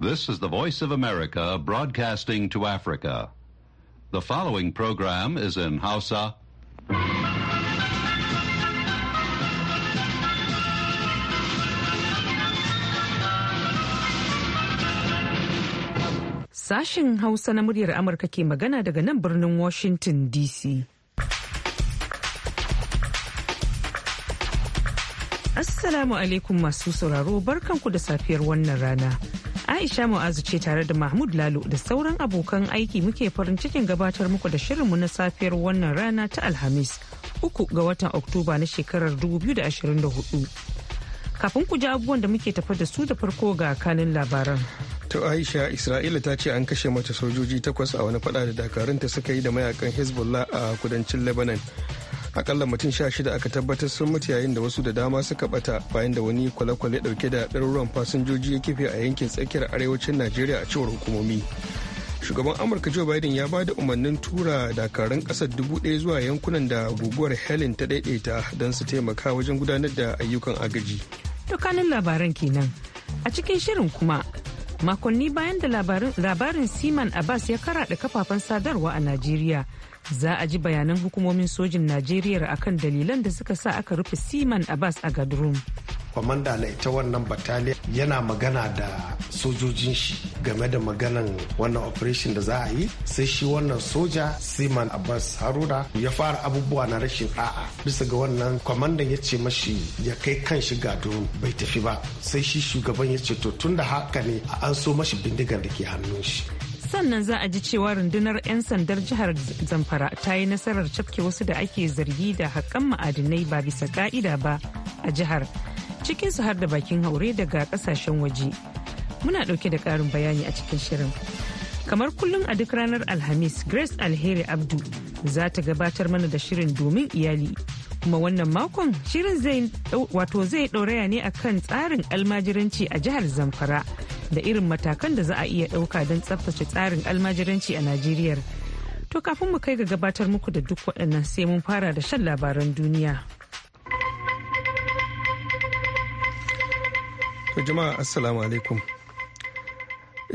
This is the Voice of America broadcasting to Africa. The following program is in Hausa. Sashen Hausa na muryar Amurka ke magana daga nan birnin Washington DC. Assalamu alaikum masu sauraro barkanku da safiyar wannan rana. Aisha Mu'azu ce tare da Mahmud Lalo da sauran abokan aiki muke farin cikin gabatar muku da shirinmu na safiyar wannan rana ta Alhamis, uku ga watan Oktoba na shekarar 2024. Kafin ku ji abubuwan da muke tafa da su da farko ga kanin labaran. To Aisha Isra'ila ta ce an kashe mata sojoji takwas a wani fada da dakarunta suka yi da mayakan Hezbollah a kudancin Lebanon. akalla mutum sha shida aka tabbatar sun mutu yayin da wasu da dama suka bata bayan da wani kwale-kwale dauke da ɗaruruwan fasinjoji ya kife a yankin tsakiyar arewacin najeriya a cewar hukumomi shugaban amurka joe biden ya ba da umarnin tura dakarun kasar dubu ɗaya zuwa yankunan da guguwar helen ta daidaita don su taimaka wajen gudanar da ayyukan agaji dukkanin labaran kenan a cikin shirin kuma makonni bayan da labarin siman abbas ya karaɗe kafafen sadarwa a najeriya za a ji bayanan hukumomin sojin najeriya akan dalilan da suka sa aka rufe siman abbas a gadrum kwamanda na ita wannan bataliya yana magana da sojojin shi game da maganan wannan operation da za a yi sai shi wannan soja siman abbas haruna ya fara abubuwa na rashin a'a bisa ga wannan kwamandan ya ce mashi ya kai kan shi ga bai tafi ba sai shi shugaban ya ce to tun da haka ne a an so mashi bindigar da ke hannun shi sannan za a ji cewa rundunar 'yan sandar jihar zamfara ta yi nasarar cafke wasu da ake zargi da haƙƙan ma'adinai ba bisa ka'ida ba a jihar cikinsu har da bakin haure daga kasashen waje. Muna dauke da ƙarin bayani a cikin shirin. Kamar kullum a duk ranar Alhamis, Grace Alheri Abdu za ta gabatar mana da shirin domin iyali. Kuma wannan makon shirin zai wato zai ɗauraya ne a kan tsarin almajiranci a jihar Zamfara da irin matakan da za a iya ɗauka don tsaftace tsarin almajiranci a Najeriya. To kafin mu kai ga gabatar muku da duk waɗannan sai mun fara da shan labaran duniya. jama'a assalamu alaikum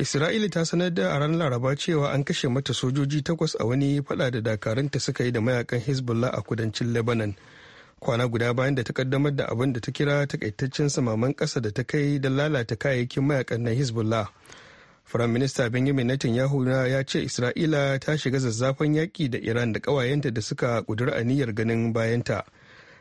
isra'ila ta sanar da a ranar laraba cewa an kashe mata sojoji takwas a wani fada da dakarunta suka yi da mayakan hezbollah a kudancin lebanon kwana guda bayan da ta kaddamar da abin da ta kira takaitaccen samaman kasa da ta kai don lalata kayayyakin mayakan na hezbollah firaminista benjamin netanyahu ya ce isra'ila ta shiga zazzafan yaƙi da iran da ƙawayenta da suka ƙudura aniyar ganin bayanta. ta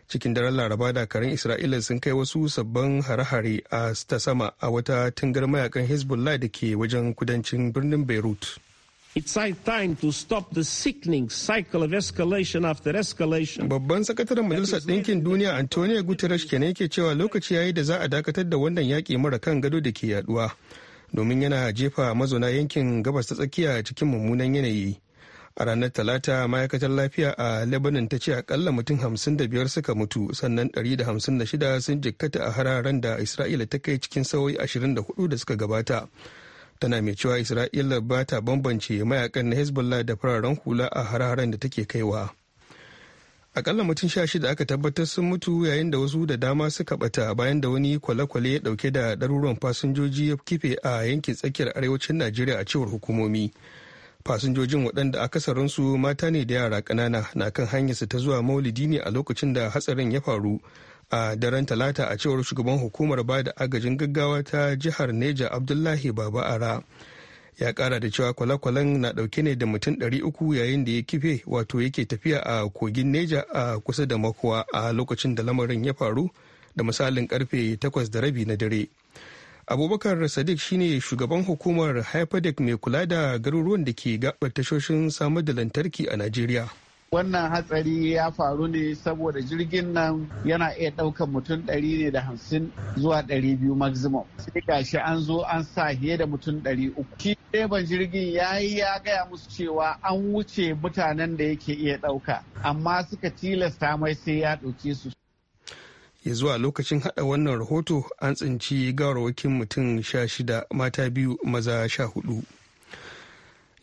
cikin daren laraba dakarun isra'ila sun kai wasu sabbin hare-hare a ta sama a wata tungar mayakan hezbollah da ke wajen kudancin birnin beirut It's high time to stop the sickening cycle of escalation after escalation. Babban sakataren Majalisar Ɗinkin Duniya Antonio Guterres kenan yake cewa lokaci yayi da za a dakatar da wannan yaki mara kan gado da ke yaduwa. Domin yana jefa mazauna yankin gabas ta tsakiya cikin mummunan yanayi. a ranar talata ma'aikatar lafiya a lebanon ta ce akalla mutum biyar suka mutu sannan da shida sun jikkata a hararen da isra'ila ta kai cikin sauyi 24 da suka gabata tana mai cewa isra'ila ba ta bambance mayakan na hezbollah da fararen hula a hararen da take kaiwa akalla mutum sha shida aka tabbatar sun mutu yayin da wasu da dama suka bata bayan da wani kwale-kwale ya dauke da ɗaruruwan fasinjoji ya kife a yankin tsakiyar arewacin najeriya a cewar hukumomi fasinjojin waɗanda akasarinsu mata ne da yara ƙanana na kan hanyarsu ta zuwa maulidi ne a lokacin da hatsarin ya faru a daren talata a cewar shugaban hukumar ba da agajin gaggawa ta jihar neja abdullahi baba ara ya kara da cewa kwale-kwalen na ɗauke ne da mutum 300 yayin da ya kife wato yake tafiya a kogin neja a kusa da makuwa a lokacin da lamarin ya faru da misalin karfe 8 da rabi na dare abubakar sadiq shine shugaban hukumar hyperdeck mai kula da garuruwan da ke gabar tashoshin samar da lantarki a najeriya wannan hatsari ya faru ne saboda jirgin nan yana iya ɗaukan mutum ɗari ne da hamsin zuwa ɗari biyu maximum sai gashi an zo an sa fiye da mutum ɗari uku shi ɗeban jirgin ya yi ya gaya musu cewa an wuce mutanen da yake iya ɗauka amma suka tilasta mai sai ya ɗauke su ya zuwa lokacin hada wannan rahoto an tsinci gawarwakin mutum sha shida mata biyu maza sha hudu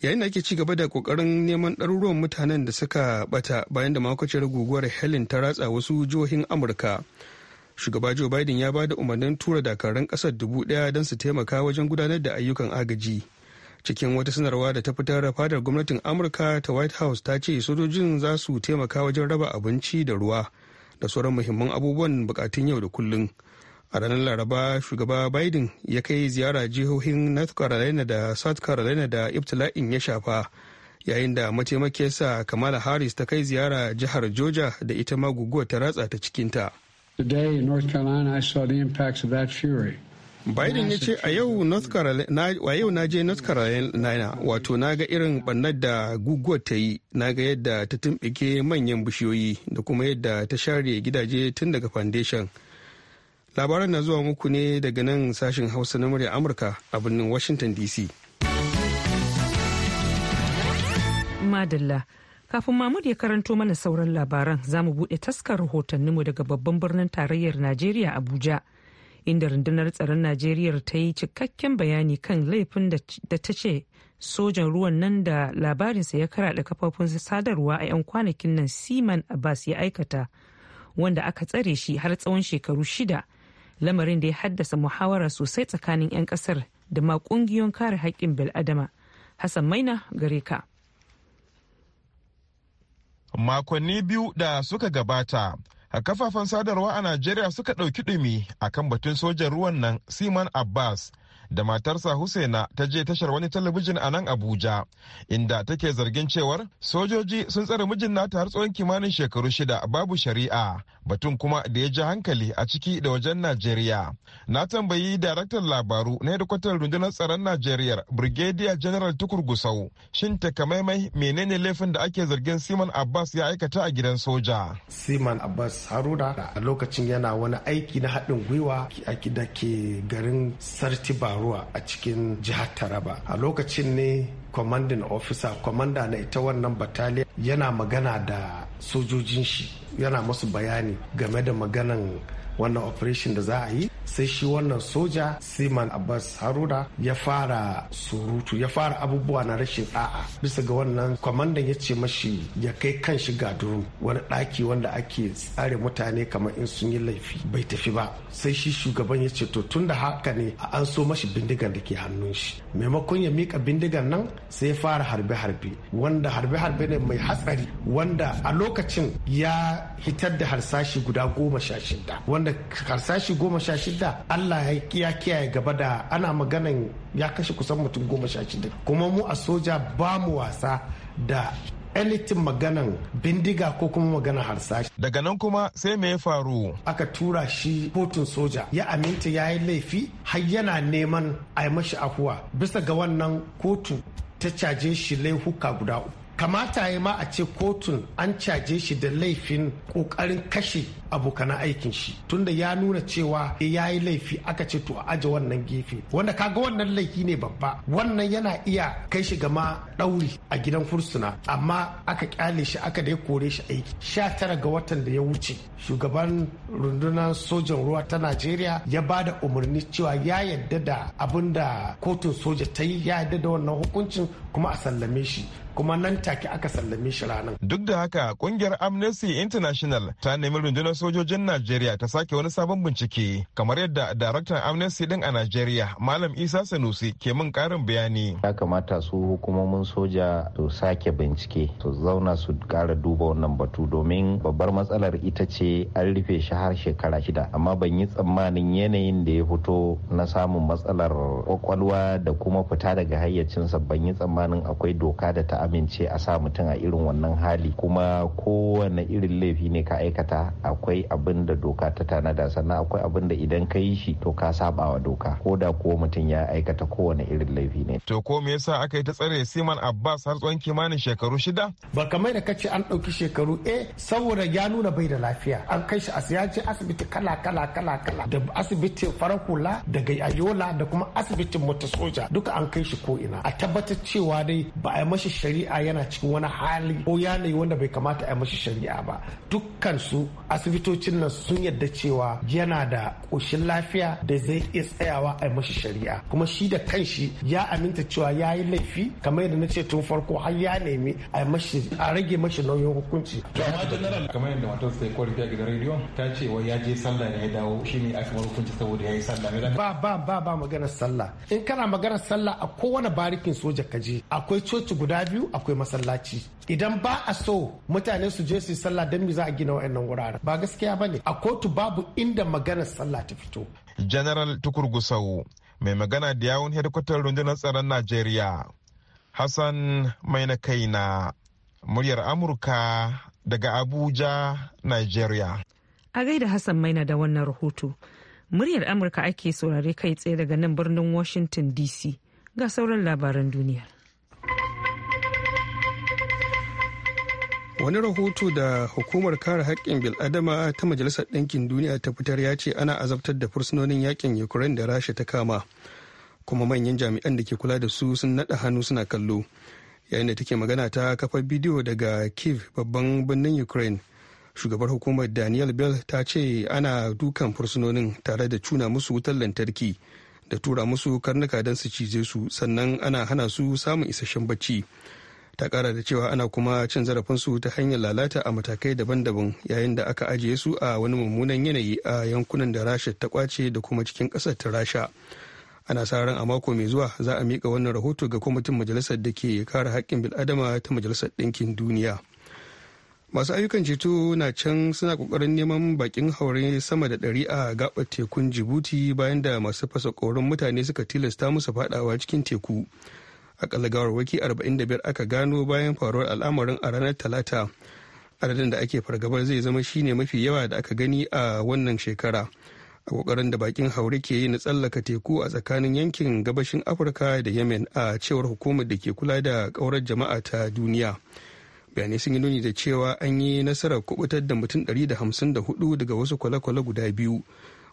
yayin da ake ci gaba da kokarin neman ɗaruruwan mutanen da suka bata bayan da makwacin guguwar helen ta ratsa wasu jihohin amurka shugaba joe biden ya ba da umarnin tura dakarun ƙasar dubu ɗaya don su taimaka wajen gudanar da ayyukan agaji cikin wata sanarwa da ta fitar fadar gwamnatin amurka ta white house ta ce sojojin za su taimaka wajen raba abinci da ruwa da sauran muhimman abubuwan bukatun yau da kullum a ranar laraba shugaba biden ya kai ziyara jihohin north carolina da south carolina da ibtila'in ya shafa yayin da sa kamala harris ta kai ziyara jihar georgia da ita ma guguwar ta ratsa ta cikinta today in north carolina i saw the impacts of that fury Biden ya ce a yau na je North Carolina wato na ga irin bannar da guguwar ta yi na ga yadda ta tumbike manyan bishiyoyi da kuma yadda ta share gidaje tun daga foundation. Labaran na zuwa muku ne daga nan sashen Hausa na murya Amurka a birnin Washington DC. Madalla. Kafin Mahmud ya karanto mana sauran labaran za mu buɗe taskar rahotanninmu daga babban birnin tarayyar Najeriya Abuja. inda rundunar tsaron najeriya ta yi cikakken bayani kan laifin da ta ce sojan ruwan nan da labarinsa ya kara da kafofin sadarwa a 'yan kwanakin nan siman abbas ya aikata wanda aka tsare shi har tsawon shekaru shida lamarin da ya haddasa muhawara sosai tsakanin 'yan kasar da ma kungiyoyin kare haƙƙin bil'adama hassan maina gare ka makonni biyu da suka gabata a kafafen sadarwa a najeriya suka ɗauki ɗumi akan batun sojan ruwan nan siman abbas da matarsa Husaina ta je tashar wani talabijin a nan Abuja, inda take zargin cewar sojoji sun tsare mijin nata har tsawon kimanin shekaru shida babu shari'a, batun kuma da ya ji hankali a ciki da wajen Najeriya. Na tambayi daraktan labaru na hedikwatar rundunar tsaron Najeriya, Brigadier General Tukur Gusau, shin takamaimai menene laifin da ake zargin Siman Abbas ya aikata a gidan soja? Siman Abbas Haruna a lokacin yana wani aiki na haɗin gwiwa da ke garin Sartiba faruwa a cikin jihar taraba a lokacin ne commanding officer commander na ita wannan battalion yana magana da sojojin shi yana musu bayani game da maganan wannan operation da za a yi sai shi wannan soja siman abbas haruna ya fara surutu ya fara abubuwa na rashin da'a bisa ga wannan kwamandan ya ce mashi ya kai kan shi gaduru wani daki wanda ake tsare mutane kamar in sun yi laifi bai tafi ba sai shi shugaban ya ce to tun da haka ne a an so mashi bindigan da ke hannun shi maimakon ya mika bindigan nan sai ya fara harbe-harbe wanda harbe-harbe ne mai hatsari wanda a lokacin ya hitar da harsashi guda goma sha shida wanda wanda harsashi goma sha shida allah ya kiyaye gaba da ana maganan ya kashe kusan mutum goma sha shida kuma mu a soja ba mu wasa da anything maganan bindiga ko kuma maganan harsashi. Daga nan kuma sai me ya faru? Aka tura shi kotun soja ya aminta ya yi laifi har yana neman a mashi afuwa bisa ga wannan kotu ta caje shi laifuka guda uku. kamata ya ma a ce kotun an caje shi da laifin kokarin kashe abokan aikin shi tunda ya nuna cewa eh, ya yi laifi aka ce to a aje wannan gefe wanda kaga wannan laifi ne babba wannan yana iya kai shi gama ɗauri a gidan fursuna amma aka kyale shi aka da ya kore shi aiki sha tara ga watan da ya wuce shugaban rundunar sojan ruwa ta najeriya ya ba da umarni cewa ya yadda da abin da kotun soja ta yi ya yadda da wannan hukuncin kuma a sallame shi kuma nan take aka sallame shi ranar. Duk da haka kungiyar Amnesty International ta nemi rundunar sojojin Najeriya ta sake wani sabon bincike kamar yadda daraktan Amnesty din a Najeriya Malam Isa Sanusi ke min karin bayani. Ya kamata su hukumomin soja su sake bincike su zauna su kara duba wannan batu domin babbar matsalar ita ce an rufe shi har shekara shida amma ban yi tsammanin yanayin da ya fito na samun matsalar kwakwalwa da kuma fita daga hayyacinsa ban yi tsammanin akwai doka da ta amince a sa mutum a irin wannan hali kuma kowane irin laifi ne ka aikata akwai abin da doka ta tanada sannan akwai abin da idan ka yi shi to ka saba wa doka ko da ko mutum ya aikata kowane irin laifi ne. To ko me yasa aka yi ta tsare Siman Abbas har tsawon kimanin shekaru shida? Ba kamar da kace an dauki shekaru eh saboda ya nuna bai da lafiya an kai shi asiyaci asibiti kala kala kala kala da asibitin farakula daga Ayola da kuma asibitin mota soja duka an kai shi ko ina a tabbatar cewa dai ba a mashi shari'a shari'a yana cikin wani hali ko yanayi wanda bai kamata a mashi shari'a ba dukkan su asibitocin nan sun yadda cewa yana da ƙoshin lafiya da zai iya tsayawa a mashi shari'a kuma shi da kanshi ya aminta cewa ya yi laifi kamar yadda na ce tun farko har ya nemi a mashi a rage mashi nauyin hukunci. to amma general kamar yadda matar sai kwarfi a gidan rediyo ta ce wai ya je sallah ne ya dawo ne a kamar hukunci saboda ya yi sallah ba ba ba ba maganar sallah in kana maganar sallah a kowane barikin soja kaji akwai coci guda biyu biyu akwai masallaci idan ba a so mutane su je su yi sallah don me za a gina wa'annan wuraren ba gaskiya ba ne a kotu babu inda maganar sallah ta fito general tukur gusau mai magana da yawun hedikwatar rundunar tsaron najeriya hassan mai na kaina muryar amurka daga abuja nigeria a gaida hassan maina da wannan rahoto muryar amurka ake saurare kai tsaye daga nan birnin washington dc ga sauran labaran duniya wani rahoto da hukumar kare haƙƙin bil'adama ta majalisar ɗinkin duniya ta fitar ya ce ana azabtar da fursunonin yakin ukraine da rasha ta kama kuma manyan jami'an da ke kula da su sun naɗa hannu suna kallo yayin da take magana ta kafar bidiyo daga kiev babban birnin ukraine shugabar hukumar daniel bell ta ce ana dukan fursunonin tare da cuna musu wutar lantarki da tura musu karnuka don su cize su sannan ana hana su samun isasshen bacci. ta kara da cewa ana kuma cin zarafinsu ta hanyar lalata a matakai daban-daban yayin da aka ajiye su a wani mummunan yanayi a yankunan da rasha ta kwace da kuma cikin ƙasar ta rasha ana sa ran a mako mai zuwa za a mika wannan rahoto ga kwamitin majalisar da ke kare haƙƙin bil'adama ta majalisar ɗinkin duniya masu ayyukan ceto na can suna kokarin neman bakin haure sama da ɗari a gaɓar tekun jibuti bayan da masu fasa korin mutane suka tilasta musu faɗawa cikin teku akalla gawarwaki 45 aka gano bayan faruwar al'amarin a ranar talata adadin da ake fargabar zai zama shine mafi yawa da aka gani a wannan shekara a kokarin da bakin haure ke yi na tsallaka teku a tsakanin yankin gabashin afirka da yemen a cewar hukumar da ke kula da kaurar jama'a ta duniya bayanai sun yi nuni da cewa an yi nasarar kubutar da mutum da da hudu daga wasu kwale-kwale guda biyu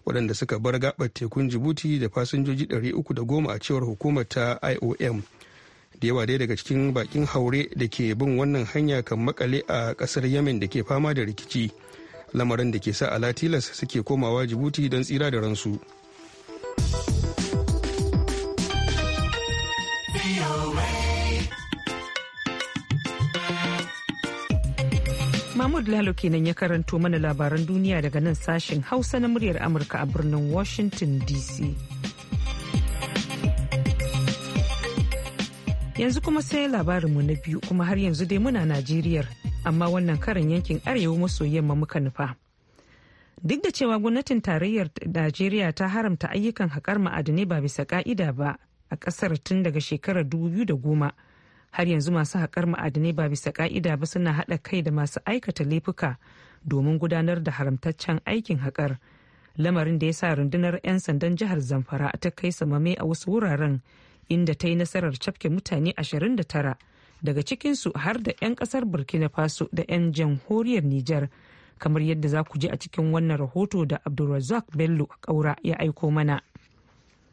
waɗanda suka bar gabar tekun jibuti da fasinjoji uku da goma a cewar hukumar ta iom da yawa dai daga cikin bakin haure da ke bin wannan hanya kan makale a kasar yemen da ke fama da rikici lamarin da ke sa a alatilas suke komawa jibuti don tsira da ransu Mahmud Lalo kenan ya karanto mana labaran duniya daga nan sashen Hausa na muryar Amurka a birnin Washington DC. Yanzu kuma sai labarinmu na biyu kuma har yanzu dai muna Najeriya amma wannan karin yankin arewa maso yamma muka nufa. Duk da cewa gwamnatin tarayyar Najeriya ta haramta ayyukan haƙar ma'adinai ba bisa ƙa'ida ba a ƙasar tun daga shekarar 2010 har yanzu masu haƙar ma'adinai ba bisa ƙa'ida ba suna haɗa kai da masu aikata laifuka domin gudanar da haramtaccen aikin haƙar. lamarin da ya sa rundunar 'yan sandan jihar zamfara ta kai samame a wasu wuraren inda ta yi nasarar cafke mutane 29 daga cikinsu har da 'yan kasar burkina faso da 'yan jamhuriyar nijar kamar yadda za ku ji a cikin wannan rahoto da abdulrazak bello kaura ya aiko mana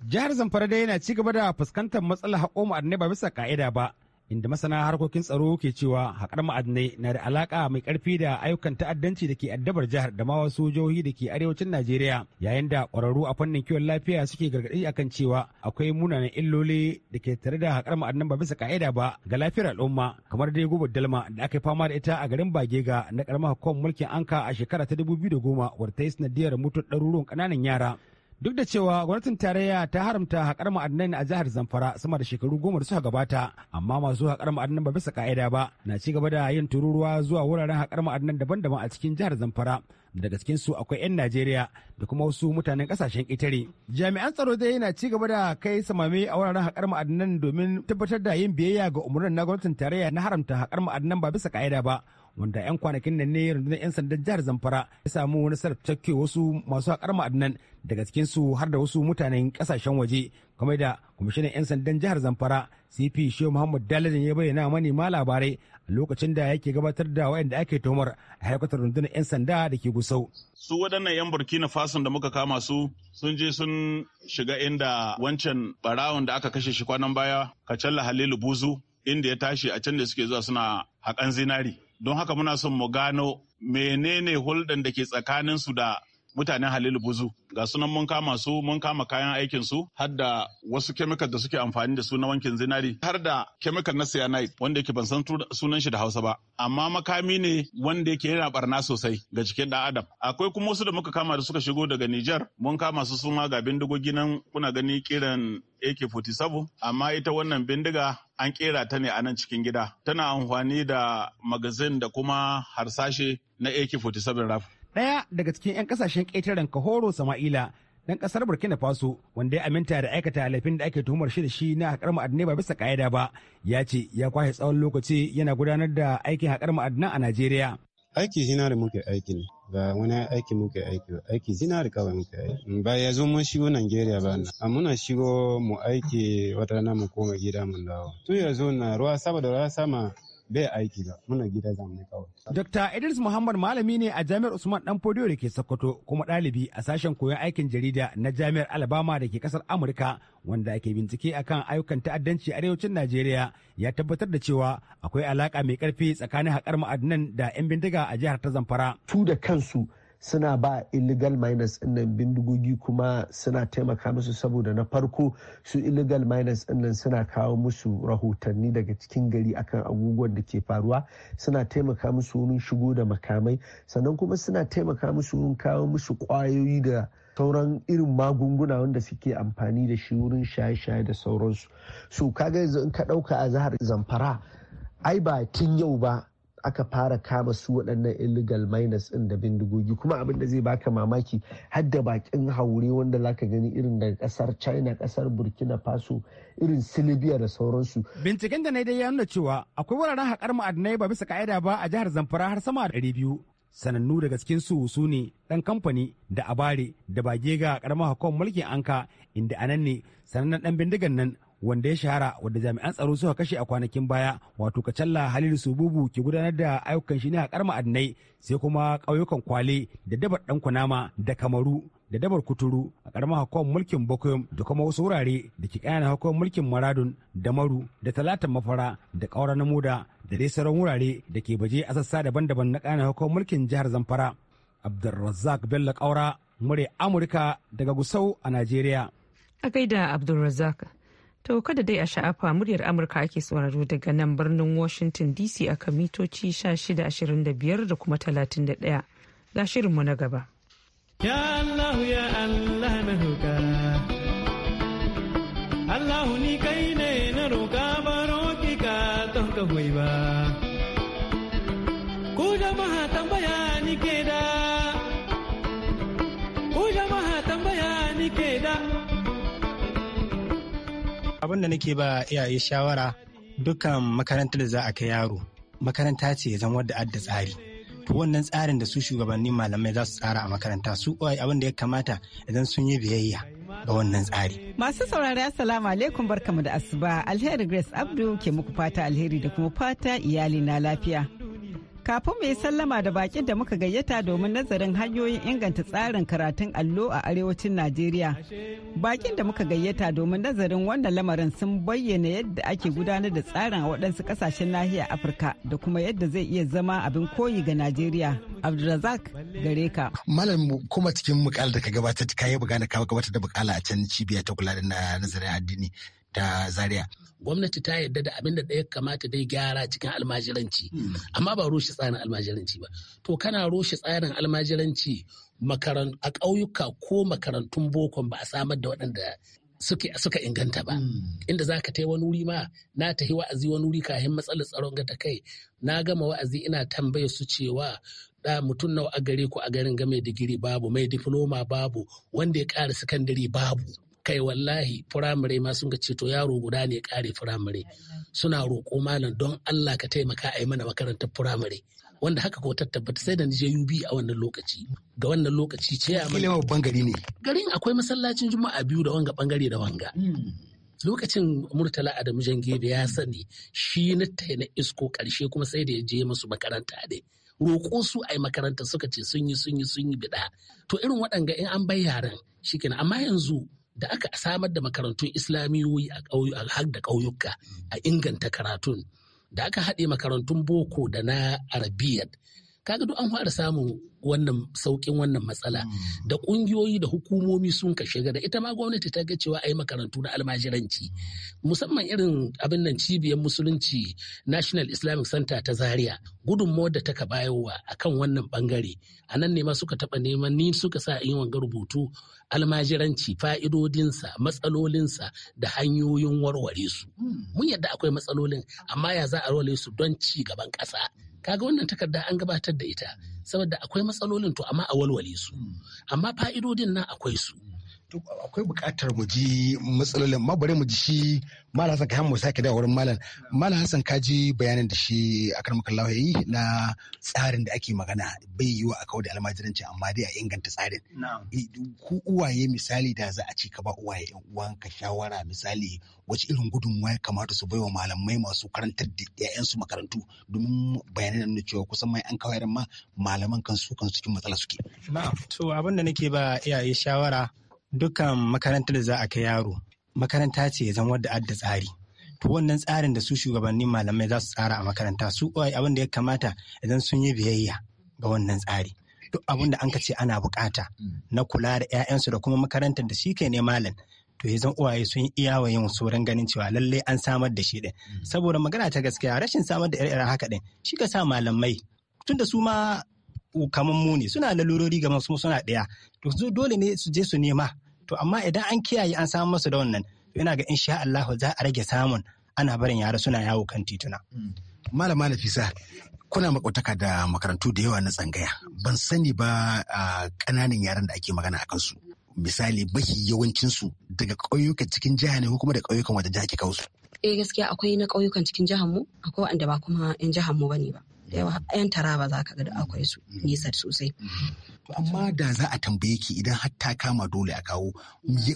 jihar zamfara dai yana ci gaba da fuskantar matsalar haƙo ma'adanai ba bisa ka'ida ba inda masana harkokin tsaro ke cewa haƙar ma'adinai na da alaƙa mai ƙarfi da ayyukan ta'addanci da ke addabar jihar da ma wasu jihohi da ke arewacin Najeriya yayin da ƙwararru a fannin kiwon lafiya suke gargaɗi akan cewa akwai munanan illoli da ke tare da haƙar ma'adinan ba bisa ka'ida ba ga lafiyar al'umma kamar dai gubar dalma da aka yi fama da ita a garin Bagega na ƙaramar hukumar mulkin Anka a shekara ta dubu goma wadda ta yi sanadiyar mutuwar ɗaruruwan ƙananan yara duk da cewa gwamnatin tarayya ta haramta haƙar ma'adinai a jihar zamfara sama da shekaru goma da suka gabata amma masu haƙar ma'adinan ba bisa ka'ida ba na ci gaba da yin tururuwa zuwa wuraren haƙar ma'adinan daban-daban a cikin jihar zamfara daga cikin su akwai 'yan najeriya da kuma wasu mutanen kasashen itare jami'an tsaro dai na ci gaba da kai samame a wuraren haƙar ma'adinan domin tabbatar da yin biyayya ga umarnin na gwamnatin tarayya na haramta haƙar ma'adinan ba bisa ka'ida ba wanda 'yan kwanakin nan ne rundunar 'yan sandan jihar zamfara ya samu nasarar cakke wasu masu haƙar ma'adinan daga su har da wasu mutanen kasashen waje kamar da kwamishinan 'yan sandan jihar zamfara cp shehu muhammad dalajin ya bayyana manema labarai a lokacin da yake gabatar da wayanda ake tomar a harkatar rundunar 'yan sanda da ke gusau su waɗannan 'yan burkina faso da muka kama su sun je sun shiga inda wancan barawon da aka kashe shi kwanan baya kacalla halilu buzu inda ya tashi a can da suke zuwa suna haƙan zinari Don haka muna son mu gano menene hulɗan da ke tsakanin su da mutanen Halilu Buzu. Ga sunan mun kama su mun kama kayan aikin su har da wasu kemikal da suke amfani da su na wankin zinari har da kemikal na cyanide wanda yake ban san sunan shi da Hausa ba. Amma makami ne wanda yake yana barna sosai ga cikin ɗan Adam. Akwai kuma wasu da muka kama da suka shigo daga Nijar mun kama su suma ga bindigogi nan kuna gani kiran AK-47 amma ita wannan bindiga an kera ta ne a nan cikin gida tana amfani da magazin da kuma harsashe na AK-47 raf. Daya daga cikin 'yan kasashen ƙetaren Kahoro Sama'ila dan kasar Burkina Faso wanda ya aminta da aikata laifin da ake tuhumar shi da shi na haƙar ma'adinai ba bisa ƙa'ida ba ya ce ya kwashe tsawon lokaci yana gudanar da aikin haƙar ma'adinan a Najeriya. Aiki shi na da muke aiki ne. ba wani aiki muke aiki ba aiki zinari kawai muke aiki ba ya zo mun shigo Najeriya ba na amma muna shigo mu aiki wata rana mu koma gida mun dawo tun ya zo na ruwa saboda ruwa sama bai aiki ba muna gida za mu kawai. Dr. Idris Muhammad malami ne a jami'ar Usman Dan Fodio da ke Sokoto kuma ɗalibi a sashen koyon aikin jarida na jami'ar Alabama da ke ƙasar Amurka wanda ake bincike akan ayyukan ta'addanci a arewacin Najeriya ya tabbatar da cewa akwai alaka mai ƙarfi tsakanin haƙar ma'adinan da 'yan bindiga a jihar ta Zamfara. Su da kansu suna ba illegal miners nan bindigogi kuma suna taimaka musu saboda na farko su illegal miners nan suna kawo musu rahotanni daga cikin gari akan abubuwan da ke faruwa suna taimaka musu wurin shigo da makamai sannan kuma suna taimaka musu wurin kawo musu kwayoyi da sauran irin magunguna wanda suke amfani da shi wurin shaye-shaye da sauransu su kaga yanzu in ka ɗauka a zahar zamfara ai ba tun yau ba aka fara kama su waɗannan illegal miners ɗin da bindigogi kuma abin da zai baka mamaki har da bakin haure wanda zaka gani irin daga ƙasar china ƙasar burkina faso irin silibiya da sauransu binciken da na dai ya nuna cewa akwai wuraren haƙar ma'adinai ba bisa ka'ida ba a jihar zamfara har sama da ɗari biyu sanannu daga cikin su su ne ɗan kamfani da abare da bage ga ƙaramar hukumar mulkin anka inda anan ne sanannen ɗan bindigan nan wanda ya shahara wanda jami'an tsaro suka kashe a kwanakin baya wato kacalla halilu sububu ke gudanar da ayyukan shi ne a karma adinai sai kuma ƙauyukan kwale da dabar dan kunama da kamaru da dabar kuturu a karamar hakon mulkin bokoyom da kuma wasu wurare da ke kayan hakon mulkin maradun da maru da talatan mafara da ƙaura na moda da dai sauran wurare da ke baje a sassa daban-daban na kayan hakon mulkin jihar zamfara abdulrazak bello ƙaura murya amurka daga gusau a najeriya a gaida abdulrazak To kada dai a sha'afa muryar Amurka ake sauraro daga nan birnin Washington DC a kan mitoci 1625 da kuma 31. Ga shirinmu na gaba. Ya Allah ya Allah na roƙa. Allah ni kai ne na roƙa ba ki ka don ka ba. Ku ma tambaya ni ke da Abin da nake ba iyaye shawara dukkan makarantar da za a kai yaro makaranta ce ya zama wadda adda tsari. To wannan tsarin da su shugabanni malamai za su tsara a makaranta su kawai abin da ya kamata idan sun yi biyayya ga wannan tsari. Masu saurari assalamu alaikum barkamu da asuba alheri Grace Abdu ke muku fata alheri da kuma fata iyali na lafiya. Kafin mu yi sallama da bakin da muka gayyata domin nazarin hanyoyin inganta tsarin karatun allo a arewacin Najeriya. Bakin da muka gayyata domin nazarin wannan lamarin sun bayyana yadda ake gudanar da tsarin a waɗansu ƙasashen nahiyar Afirka da kuma yadda zai iya zama abin koyi ga Najeriya. Abdulrazak gare ka. Malam kuma cikin mukal da ka gabatar ka yi bugana ka gabatar da mukala a can cibiya ta kula da nazarin addini ta Zaria. gwamnati ta yarda da abin da ya kamata dai gyara cikin almajiranci hmm. amma ba rushe tsarin almajiranci ba to kana rushe tsarin almajiranci a ƙauyuka ko makarantun bokon ba a samar da waɗanda suka inganta ba hmm. inda za ka tai wani wuri ma na tahi wa'azi wani wuri kafin matsalar tsaron ga ta kai na gama wa'azi ina tambaye su cewa da mutum nawa a gare ku a garin game digiri babu mai diploma babu wanda ya ƙara sakandare babu kai wallahi firamare ma sun ce to yaro guda ne kare firamare suna roƙo malam don Allah ka taimaka a yi mana makarantar firamare wanda haka ko sai da je UB a wannan lokaci ga wannan lokaci ce a mai babban gari ne garin akwai masallacin juma'a biyu da wanga bangare da wanga lokacin murtala adamu jangebe ya sani shi na na isko karshe kuma sai da ya je masu makaranta ne roƙo su a makaranta suka ce sun yi sun yi sun yi bida to irin waɗanga in an bai yaran amma yanzu da aka samar da makarantun islamiyoyi a ƙauyu har da ƙauyuka a inganta karatun da aka haɗe makarantun boko da na arabiyar. kaga duk an fara samun wannan saukin wannan matsala mm. da kungiyoyi da hukumomi sun ka shiga da ita ma gwamnati ta ga cewa ayi makarantu na almajiranci mm. musamman irin abin nan cibiyar musulunci National Islamic Center ta Zaria gudunmawar da ta ka bayowa akan wannan bangare a nan ne ma suka taba neman ni suka sa yin wanga rubutu almajiranci fa'idodinsa matsalolinsa da hanyoyin warware su mm. mun yadda akwai matsalolin amma ya za a role su don ci gaban ƙasa kaga wannan takarda an gabatar da ita saboda akwai matsalolin to amma a walwale su hmm. amma fa'idodin nan akwai su akwai bukatar mu ji matsalolin ma bari mu ji shi malam hassan kai mu sake da wurin malam malam hassan ka ji bayanin da shi akan mukallahu yayi na tsarin da ake magana bai yiwa a da almajiranci amma dai a inganta tsarin eh, ku uwaye misali da za a ci ka ba uwaye yan uwanka shawara misali wace irin gudunmuwa ya kamata su baiwa malamai masu karantar da 'ya'yansu makarantu domin bayanan da cewa kusan mai an kawai ma malaman kansu kansu cikin matsala suke. Na'am, to abin da nake ba iyaye shawara dukkan makarantar da za a kai yaro makaranta ce ya zan wadda adda tsari to wannan tsarin da su shugabannin malamai za su tsara a makaranta su kawai abin da ya kamata idan sun yi biyayya ga wannan tsari duk abin da an ka ce ana bukata na kula da 'ya'yansu da kuma makarantar da shi ke ne malam to ya zan uwaye sun iya wa yin sauran ganin cewa lallai an samar da shi din mm. saboda magana ta gaskiya rashin samar da ire-iren haka din shi ka sa malamai tun da su ma kamar mu ne suna lalurori ga masu suna ɗaya to dole ne su je su nema to amma idan an kiyaye an samu masu da wannan to ina ga insha Allah za a rage samun ana barin yara suna yawo kan tituna malama nafisa kuna makwataka da makarantu da yawa na tsangaya ban sani ba kananan yaran da ake magana a kansu misali mafi yawancinsu daga ƙauyukan cikin jiha ne ko kuma da ƙauyukan wata jiha ke kawo su eh gaskiya akwai na ƙauyukan cikin jihar mu akwai wanda ba kuma yan jihar mu bane ba da yawa yan taraba za ka ga da akwai su mm. nisa sosai mm-hmm. amma da za a tambaye ki idan har ta kama dole a kawo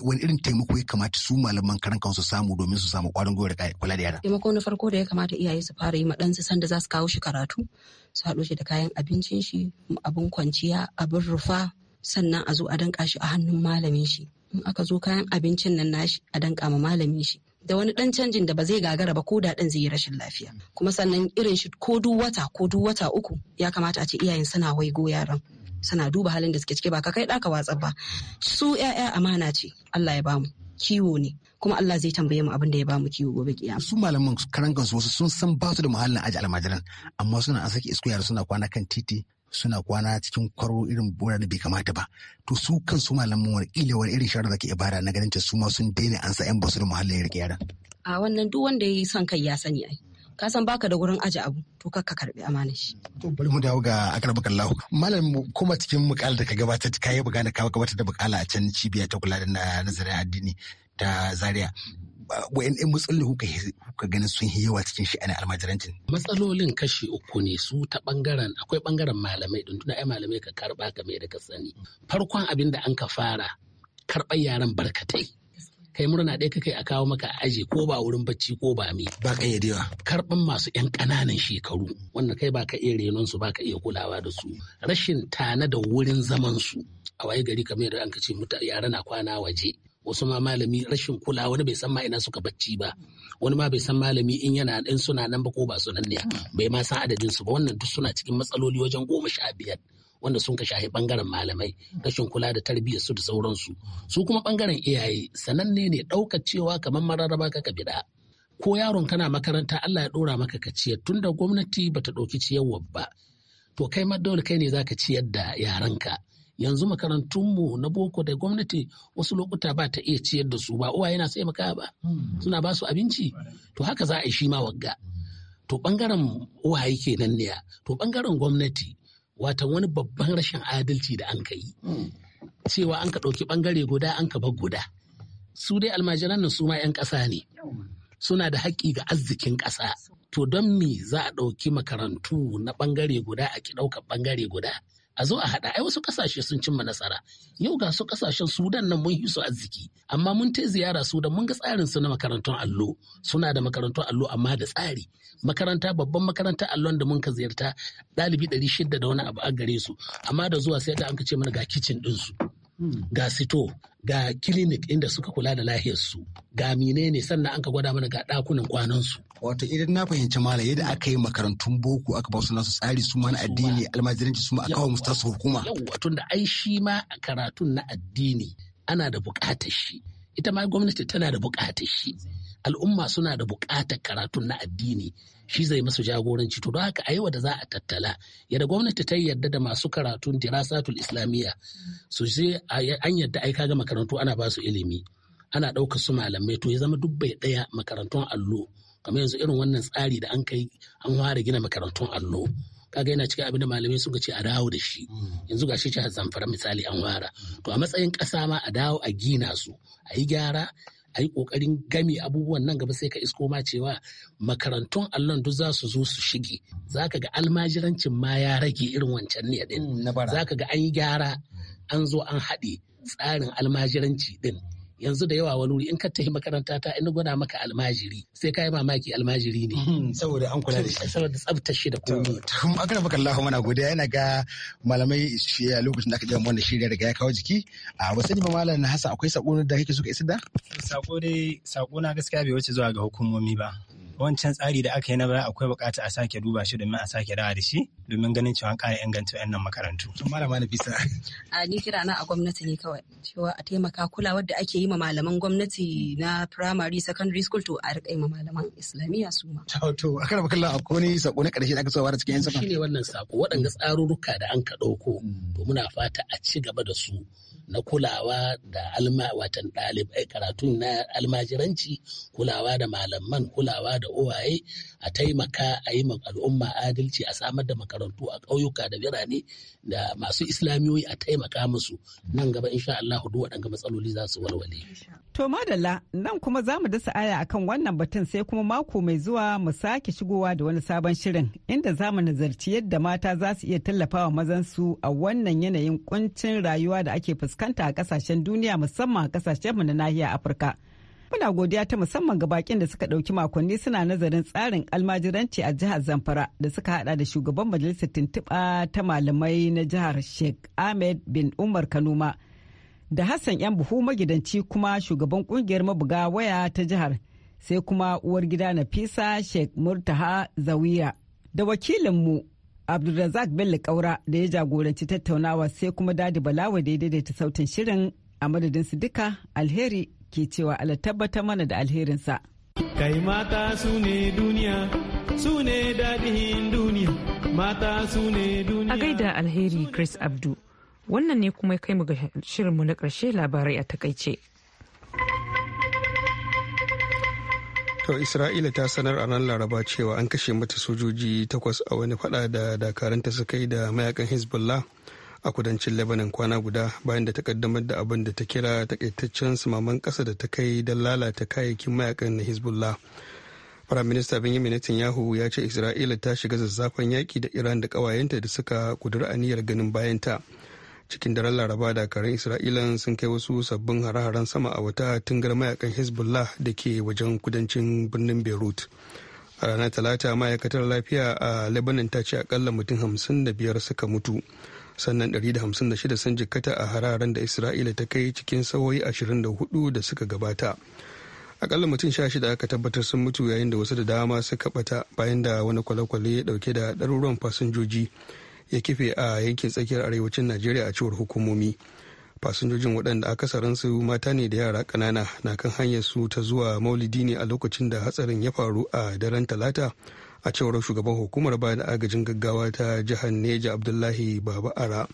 wani irin taimako ya kamata su malaman karan kansu samu domin su samu kwarin gwiwar kula da yara taimako na farko da ya kamata iyaye su fara yi ma ɗansu sanda za su kawo shi karatu su haɗo shi da kayan abincin shi abin kwanciya abin rufa sannan a zo a danka shi a hannun malamin shi in aka zo kayan abincin nan nashi a danka ma malamin shi da wani dan canjin da ba zai gagara ba ko da dan zai yi rashin lafiya kuma sannan irin shi ko duk wata ko duk wata uku ya kamata a ce iyayen suna waigo yaran suna duba halin da suke ciki ba ka kai ɗaka watsa ba su ƴaƴa amana ce Allah ya bamu kiwo ne kuma Allah zai tambaye mu abin da ya bamu kiwo gobe kiyama su malaman karan kansu wasu sun san ba su da muhallin aji almajiran amma suna an saki isku yara suna kwana kan titi suna kwana cikin kwaro irin bora da bai kamata ba to su kan su malaman wani kila wani irin shawarar da ke ibada na ganin su ma sun daina ansa sa yan basu da muhallin rike yaran a wannan duk wanda ya son kai ya sani ai ka san baka da wurin aji abu to ka karbi amana shi to bari mu dawo ga kallahu malam kuma cikin mukal da ka gabatar ka yi bugana ka gabatar da bukala a can cibiya ta kula da nazarin addini ta zaria wayan yan matsaloli kuka ganin sun yi yawa cikin shi ana almajirancin. Matsalolin kashi uku ne su ta ɓangaren akwai ɓangaren malamai ɗin tuna ai malamai ka karɓa ka mai da ka sani. Farkon abin da an ka fara karɓar yaran barkatai. kai murna ɗaya kakai a kawo maka aji ko ba wurin bacci ko ba mi. Ba ka iya dewa. Karɓar masu ‘yan ƙananan shekaru wanda kai ba ka iya renon su ba ka iya kulawa da su. Rashin tana da wurin zaman su a waye gari kamar yadda an ka ce yara na kwana waje wasu ma malami rashin kula wani bai san ma ina suka bacci ba wani ma bai san malami in yana in suna nan ba ko ba su nan ne bai ma san adadin su ba wannan duk suna cikin matsaloli wajen goma sha biyar wanda sun ka shahi bangaren malamai rashin kula da tarbiyyar su da sauransu su kuma bangaren iyaye sananne ne ɗaukar cewa kamar mararraba ka biɗa ko yaron kana makaranta Allah ya ɗora maka ka ciyar tunda gwamnati bata ɗauki ciyarwa ba to kai ma dole kai ne zaka ciyar da yaranka yanzu makarantunmu na boko da gwamnati wasu lokuta ba ta iya ciyar da su ba uwa yana sai maka ba hmm. suna ba su abinci to haka za a yi shi ma wagga to bangaren ke nan ne to bangaren gwamnati wata wani babban rashin adalci da an ka hmm. cewa an ka ɗauki bangare guda an ka bar guda su dai almajiran nan su ma 'yan ƙasa ne suna da haƙƙi ga arzikin ƙasa to don me za a ɗauki makarantu na ɓangare guda a ki ɗaukar ɓangare guda a zo a haɗa ai wasu ƙasashe sun cimma nasara yau ga su ƙasashen sudan nan mun yi su arziki amma mun ta ziyara sudan mun ga tsarin su na makarantun allo suna da makarantun allo amma da tsari makaranta babban makaranta allon da mun ka ziyarta ɗalibi ɗari shida da wani abu a gare su amma da zuwa sai da an ka ce mana ga kicin ɗinsu hmm. ga sito ga clinic inda suka kula da lahiyarsu ga mine ne sannan an ka gwada mana ga ɗakunan kwanansu. Wato idan na fahimci malam yadda aka yi makarantun boko aka ba su nasu tsari su ma na addini almajiranci su ma aka wa musu hukuma. Yawwa tun da ai shi ma karatun na addini ana da bukatar shi ita ma gwamnati tana da bukatar shi al'umma suna da bukatar karatun na addini shi zai masu jagoranci to don haka a yau da za a tattala yadda gwamnati ta yarda da masu karatun dirasatul islamiyya su je an yadda aika ga makarantu ana ba su ilimi ana ɗaukar su malamai to ya zama duk bai ɗaya makarantun allo kamar yanzu irin wannan tsari da an kai an fara gina makarantun allo kaga yana cikin abin da malamai suka ce a dawo da shi yanzu ga shi jihar zamfara misali an wara to a matsayin ƙasa ma a dawo a gina su a yi gyara a yi ƙoƙarin gami abubuwan nan gaba sai ka isko ma cewa makarantun allon duk za su zo su shige za ka ga almajirancin ma ya rage irin wancan ne din mm, za ka ga an yi gyara an zo an haɗe tsarin almajiranci din yanzu da yawa wani wuri in ka tafi makaranta ta in gwada maka almajiri sai ka yi mamaki almajiri ne hmm, saboda an kula da shi saboda tsabtar shi da komai tun akana baka Allah mana godiya yana ga malamai shi a lokacin da aka jama wannan shirya daga ya kawo jiki a wasu ne malam Hassan akwai sako da kake so ka isa da sako dai sako na gaskiya bai wuce zuwa ga hukumomi ba wancan tsari da aka yi na baya akwai bukata a sake duba shi domin a sake dawa da shi domin ganin cewa an ƙara inganta wayannan makarantu. Malama bisa. A ni kira na a gwamnati ne kawai cewa a taimaka kulawar da ake yi ma malaman gwamnati na primary secondary school to a riƙa yi ma malaman islamiyya su ma. To a kan bakalla a wani sako na ƙarshe da aka sawa cikin yan sama. Shi ne wannan sako waɗanda tsarurruka da an ka ɗauko to muna fata a ci gaba da su. na kulawa da alma watan ɗalibai eh, karatun na almajiranci kulawa da malaman kulawa da uwaye a taimaka a yi al'umma adalci a samar da makarantu a ƙauyuka da birane da masu islamiyoyi a taimaka musu nan gaba insha Allah duk waɗanga matsaloli za su walwale. To madalla nan kuma za mu dasa aya akan wannan batun sai kuma mako mai zuwa mu sake shigowa da wani sabon shirin inda za mu nazarci yadda mata za su iya tallafawa mazansu a wannan yanayin kuncin rayuwa da ake fuskanta. fuskanta a kasashen duniya musamman a mu na nahiyar Afirka. Muna godiya ta musamman ga bakin da suka ɗauki makonni suna nazarin tsarin almajiranci a jihar Zamfara da suka hada da shugaban majalisar tuntuɓa ta malamai na jihar Sheikh Ahmed bin Umar Kanuma da Hassan yan buhu magidanci kuma shugaban kungiyar mabuga waya ta jihar sai kuma uwar gida Nafisa Sheikh Murtaha Zawiya da wakilinmu Abdulrazak Bello Kaura da ya jagoranci tattaunawa sai kuma Dadi Balawa da ya daidaita sautin shirin a madadin su duka alheri ke cewa ala tabbata mana da alherinsa. Kai mata su ne duniya, su ne dadihin duniya, mata su ne duniya. A gaida alheri Chris Abdu, wannan ne kuma kai mu ga shirinmu na karshe labarai a takaice. To Isra'ila ta sanar a ranar Laraba cewa an kashe mata sojoji takwas a wani fada da dakaranta su kai da mayakan Hezbollah a kudancin Lebanon kwana guda bayan da ta kaddamar da abin da ta kira takaitaccen sumaman kasa da ta kai don lalata kayayyakin mayakan na Hezbollah. Firaminista Benjamin Netanyahu ya ce Isra'ila ta shiga zazzafan yaki da Iran da kawayenta da suka kudura aniyar ganin bayanta. ta. cikin daren laraba da dakarun isra'ila sun kai wasu sabbin hare-haren sama a wata tungar mayakan hezbollah da ke wajen kudancin birnin beirut a ranar talata ma'aikatar lafiya a lebanon ta ce akalla mutum hamsin da biyar suka mutu sannan 156 sun jikkata a hararen da isra'ila ta kai cikin sawoyi 24 da suka gabata akalla mutum sha aka tabbatar sun mutu yayin da wasu da dama suka bata bayan da wani kwale-kwale dauke da ɗaruruwan fasinjoji ya kife a yankin tsakiyar arewacin najeriya a cewar hukumomi fasinjojin waɗanda akasarinsu mata ne da yara ƙanana na kan hanyar su ta zuwa maulidi ne a lokacin da hatsarin ya faru a daren talata a cewar shugaban hukumar bayan agajin gaggawa ta jihar neja abdullahi baba ara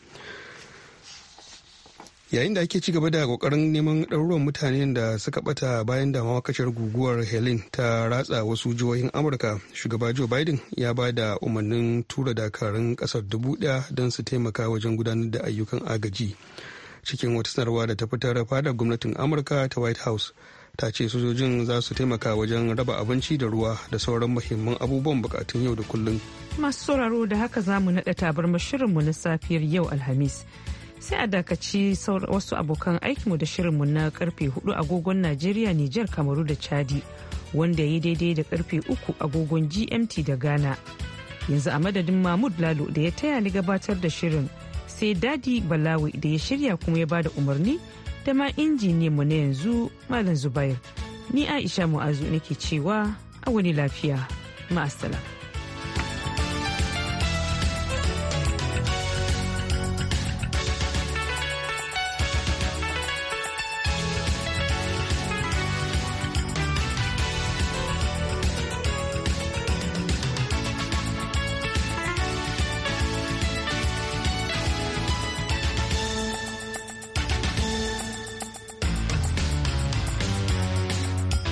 yayin da ake ci gaba da kokarin neman ɗaruruwan mutanen da suka bata bayan da mawakacin guguwar helen ta ratsa wasu jihohin amurka shugaba joe biden ya ba da umarnin tura dakarun kasar dubu ɗaya don su taimaka wajen gudanar da ayyukan agaji cikin wata sanarwa da ta fitar fadar gwamnatin amurka ta white house ta ce sojojin za su taimaka wajen raba abinci da ruwa da sauran muhimman abubuwan bukatun yau da kullum masu sauraro da haka za mu naɗa tabar mu na safiyar yau alhamis sai a dakaci wasu abokan aikinmu da shirin mu na karfe 4 agogon Najeriya, Nijar, Kamaru da Chadi wanda ya daidai da karfe 3 agogon GMT da Ghana. Yanzu a madadin Mahmud Lalo da ya taya ni gabatar da shirin sai Dadi Balawi da ya shirya kuma ya bada umarni da ma mu na yanzu Malam Zubair. Ni Aisha Mu'azu nake cewa a wani lafiya. Ma'asala.